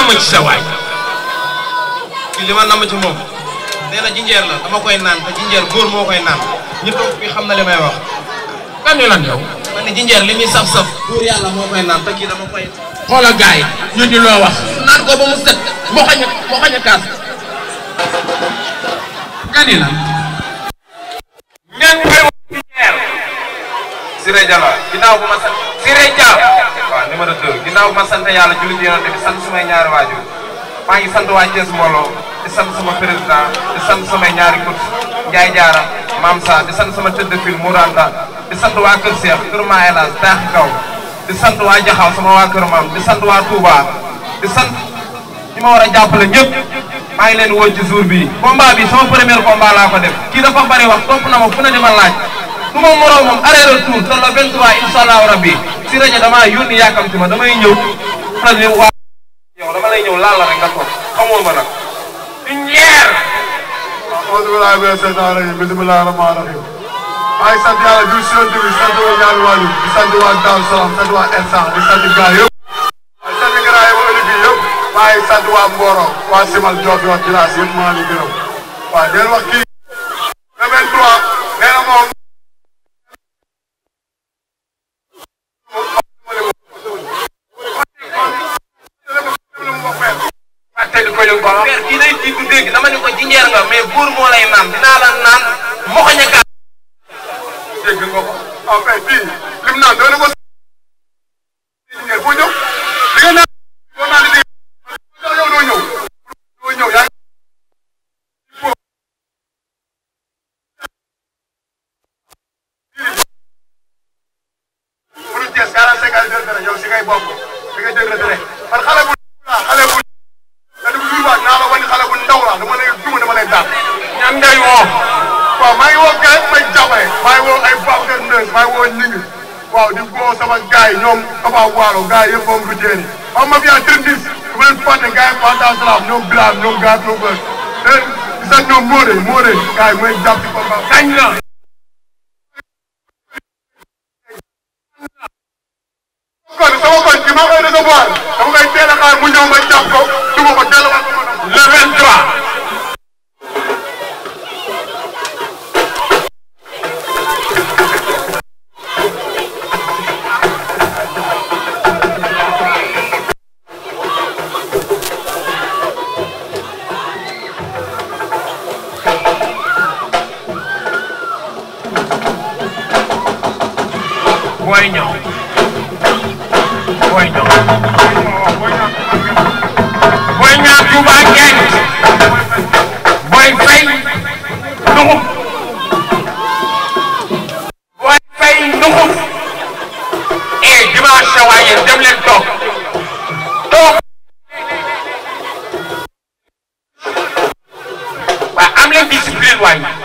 namm ci sa waay kii li ma namm ci moom nee na jinjeer la dama koy naan te jinjeer góor moo koy naan ñi xam na li may wax. kan ñu lan ma ne jinjeer li muy saf-saf. góor yàlla moo koy naan te kii dama koy. xoolal gars yi ñu ñu loo wax. naan ko ba mu set moo xañ moo xañ a kaas. Siré Jalla ginnaaw bu ma sant Siré Dia waaw ma sant yàlla julli ci yonent bi sant sumay ñaari waajur maa ngi sant waa Thiès mbooloo di sant sama président di sant samay ñaari coach Ndiaye Diarra Mam Sa di sant sama tëdd fil Mouranda di sant waa Kër Cheikh Kër Mahelas Taaxi Kaw di sant waa Jaxaw sama waa Kër Maam di sant waa Touba di sant ñi ma war a jàppale ñëpp ngi leen woo ci jour bii bi sama premier combat laa ko def kii dafa bari wax topp na ma fu ne di ma laaj ku ma moromam arrêté tour te la 23 incha allahu rabbi si rajo damaa yónni yàkkamti ma damay ñëw xale waa yow dama lay ñëw laal la rek nga toog xamoo ma nag duñ leer. waaw alhamdulilah bi seytaan rajim bisimilah rahmaan rahim maa ngi sant yàlla di sant di sant waa ñaari waajur di sant waa Daaru Salaam sant waa Insa di sant gaa yëpp. waaye sant gaa yëpp ëllëg yi yëpp maa ngi sant waa Mboro waa Simal Diop di wax village yëpp maa ngi gërëm waaw del wax kii. léegi dama ni ko jinjeer nga mais buur moo lay naan dinaa la naan moxoñ a gàtt. dégg nga ko ah mais lim naan doon na ko. jinjeer boo ñëw di nga di 45 maa ngi woon Ngingue waaw di woo sama gars yi ñoom Kapa Waalo gars yëpp moom du jéem xam nga mafia trente-dix su ma leen fàtte gars yi Fanta Salam ñoom Bilal ñoom gars ñoom Bër te eh, di sax ñoom Moore Moore gars yi mooy jàpp ci Pamba kañ la. kon sama koñ bi maa koy recevoir dama koy teel a xaar mu ñëw ma jàpp ko su ma ko teel a wax le 23 Boy Niang Boy Niang Boy Niang Touba Gueye Boy Faye Nduxuf Boy Faye Nduxuf eh waaye dem leen toog toog waaw am leen discipline waaye